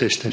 Testen.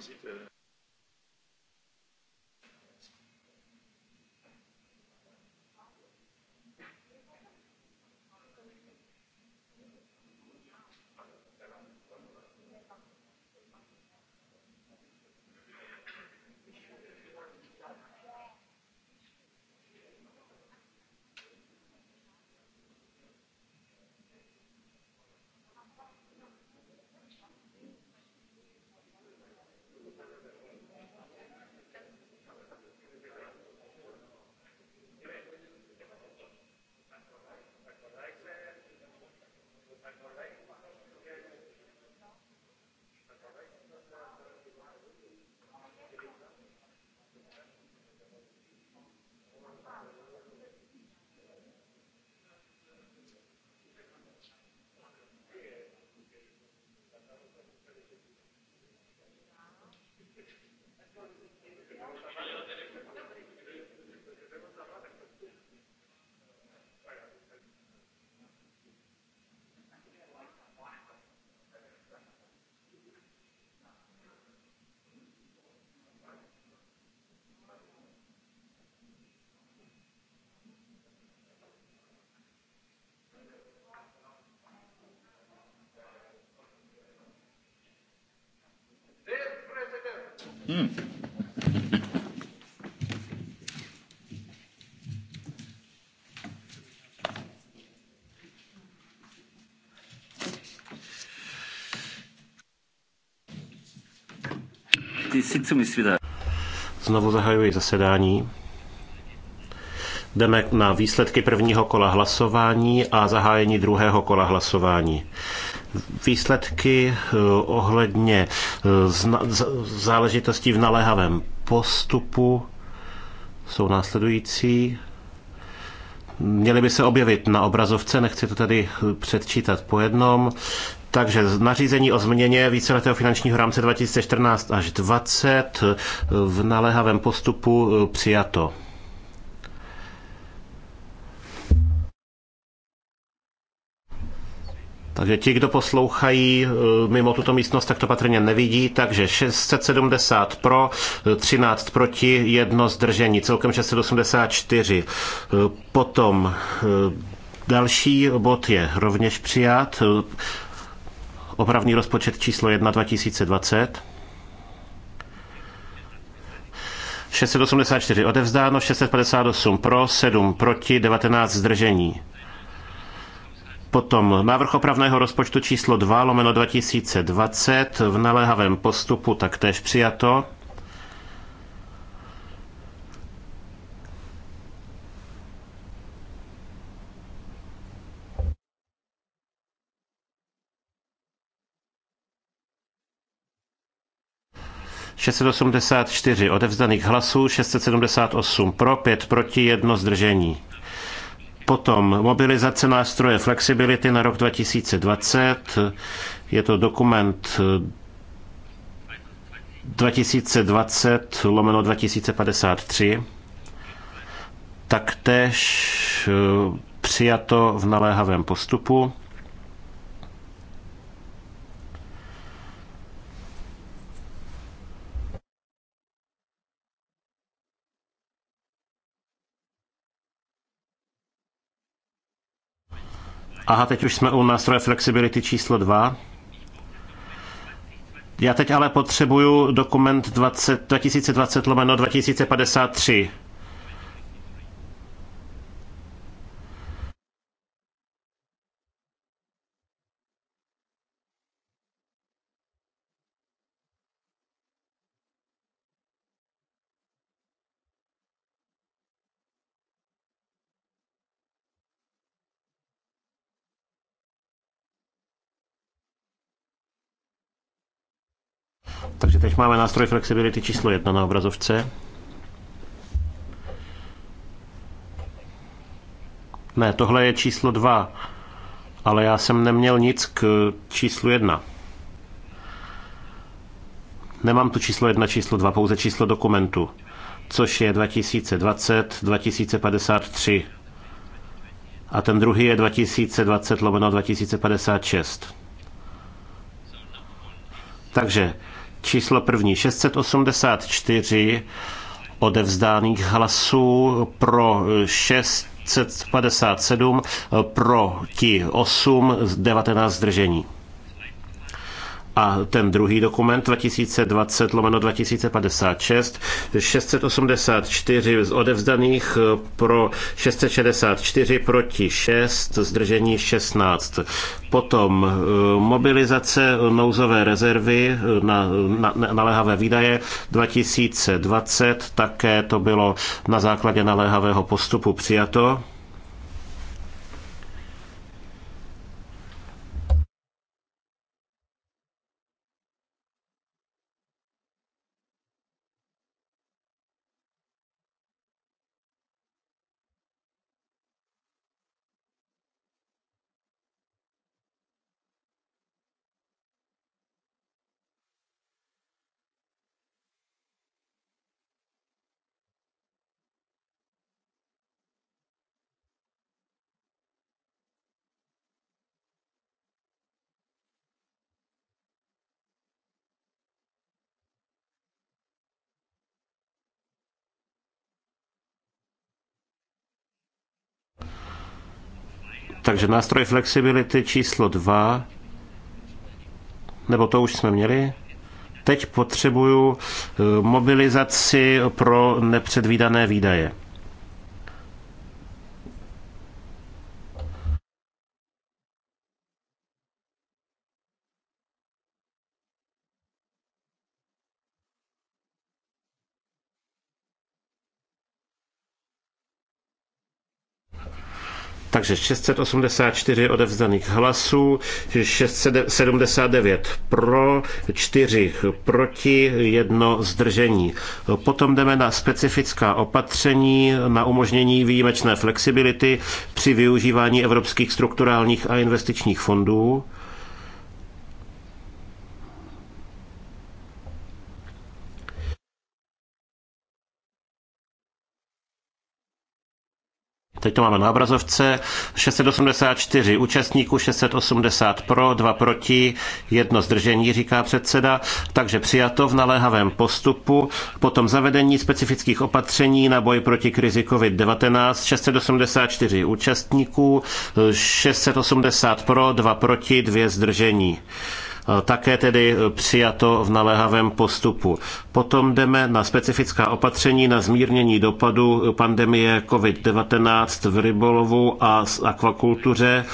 paraziten Hmm. Znovu zahajuji zasedání. Jdeme na výsledky prvního kola hlasování a zahájení druhého kola hlasování výsledky eh, ohledně eh, záležitostí v naléhavém postupu jsou následující. Měly by se objevit na obrazovce, nechci to tady eh, předčítat po jednom. Takže nařízení o změně víceletého finančního rámce 2014 až 20 v naléhavém postupu přijato. Takže ti, kdo poslouchají eh, mimo tuto místnost, tak to patrně nevidí. Takže 670 pro, 13 eh, proti, jedno zdržení, celkem 684. Eh, potom další bod je rovněž přijat. Opravný rozpočet číslo 1 2020. 684 odevzdáno, 658 pro, 7 proti, 19 zdržení. Potom návrh opravného rozpočtu číslo 2 lomeno 2020 v naléhavém postupu taktéž přijato. čtyři odevzdaných hlasů, 678 pro, 5 proti, 1 zdržení. Potom mobilizace nástroje flexibility na rok 2020. Je to dokument 2020 eh, lomeno 2053. Taktéž eh, přijato v naléhavém postupu. Aha, teď už jsme u nástroje flexibility číslo 2. Já teď ale potřebuju dokument 20, 2020 lomeno 2053. máme nástroj flexibility číslo jedna na obrazovce. Ne, tohle je číslo dva, ale já jsem neměl nic k číslu jedna. Nemám tu číslo jedna, číslo dva, pouze číslo dokumentu, což je 2020, 2053. A ten druhý je 2020 lomeno 2056. Takže Číslo první 684 odevzdáných hlasů pro 657, proti 8, 19 zdržení. A ten druhý dokument 2020 lomeno 2056, 684 z odevzdaných pro 664 proti 6, zdržení 16. Potom eh, mobilizace nouzové rezervy eh, na, na, na naléhavé výdaje 2020, také to bylo na základě naléhavého postupu přijato. Takže nástroj flexibility číslo 2, nebo to už jsme měli, teď potřebuju eh, mobilizaci pro nepředvídané výdaje. Takže 684 odevzdaných hlasů, 679 pro, 4 proti, 1 zdržení. Potom jdeme na specifická opatření na umožnění výjimečné flexibility při využívání evropských strukturálních a investičních fondů. Teď to máme na obrazovce. 684 účastníků, 680 pro, 2 proti, jedno zdržení, říká předseda. Takže přijato v naléhavém postupu. Potom zavedení specifických opatření na boj proti krizi COVID-19. 684 účastníků, 680 pro, 2 proti, 2 zdržení také tedy přijato v naléhavém postupu. Potom jdeme na specifická opatření na zmírnění dopadu pandemie COVID-19 v rybolovu a akvakultuře.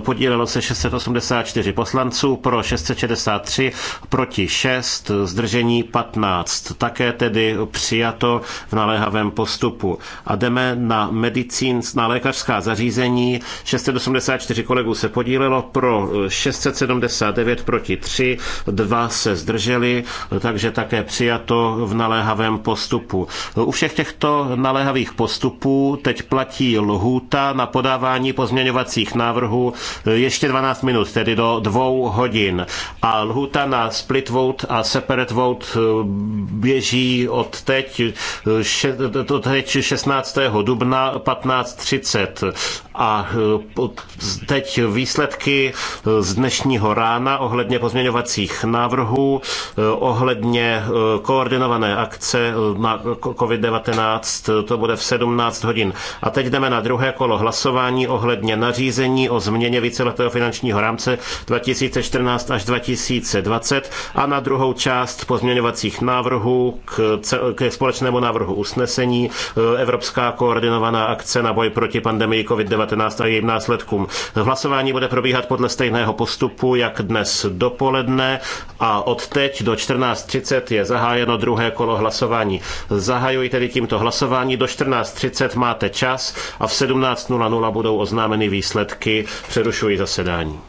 Podílelo se 684 poslanců, pro 663, proti 6, zdržení 15. Také tedy přijato v naléhavém postupu. A jdeme na medicín, na lékařská zařízení. 684 kolegů se podílelo, pro 679, proti 3, dva se zdrželi, takže také přijato v naléhavém postupu. U všech těchto naléhavých postupů teď platí lhůta na podávání pozměňovacích návrhů ještě 12 minut, tedy do dvou hodin. A lhůta na split vote a separate vote eh, běží od teď, eh, od teď 16. dubna 15.30. A eh, teď výsledky eh, z dnešního rána ohledně pozměňovacích návrhů, eh, ohledně koordinované akce na COVID-19, to bude v 17 hodin. A teď jdeme na druhé kolo hlasování ohledně nařízení o změně víceletého finančního rámce 2014 až 2020 a na druhou část pozměňovacích návrhů k, k společnému návrhu usnesení Evropská koordinovaná akce na boj proti pandemii COVID-19 19 a jejím následkům. Hlasování bude probíhat podle stejného postupu, jak dnes dopoledne a od teď do 14.30 je zahájeno druhé kolo hlasování. Zahajuji tedy tímto hlasování. Do 14.30 máte čas a v 17.00 budou oznámeny výsledky. Přerušuji zasedání.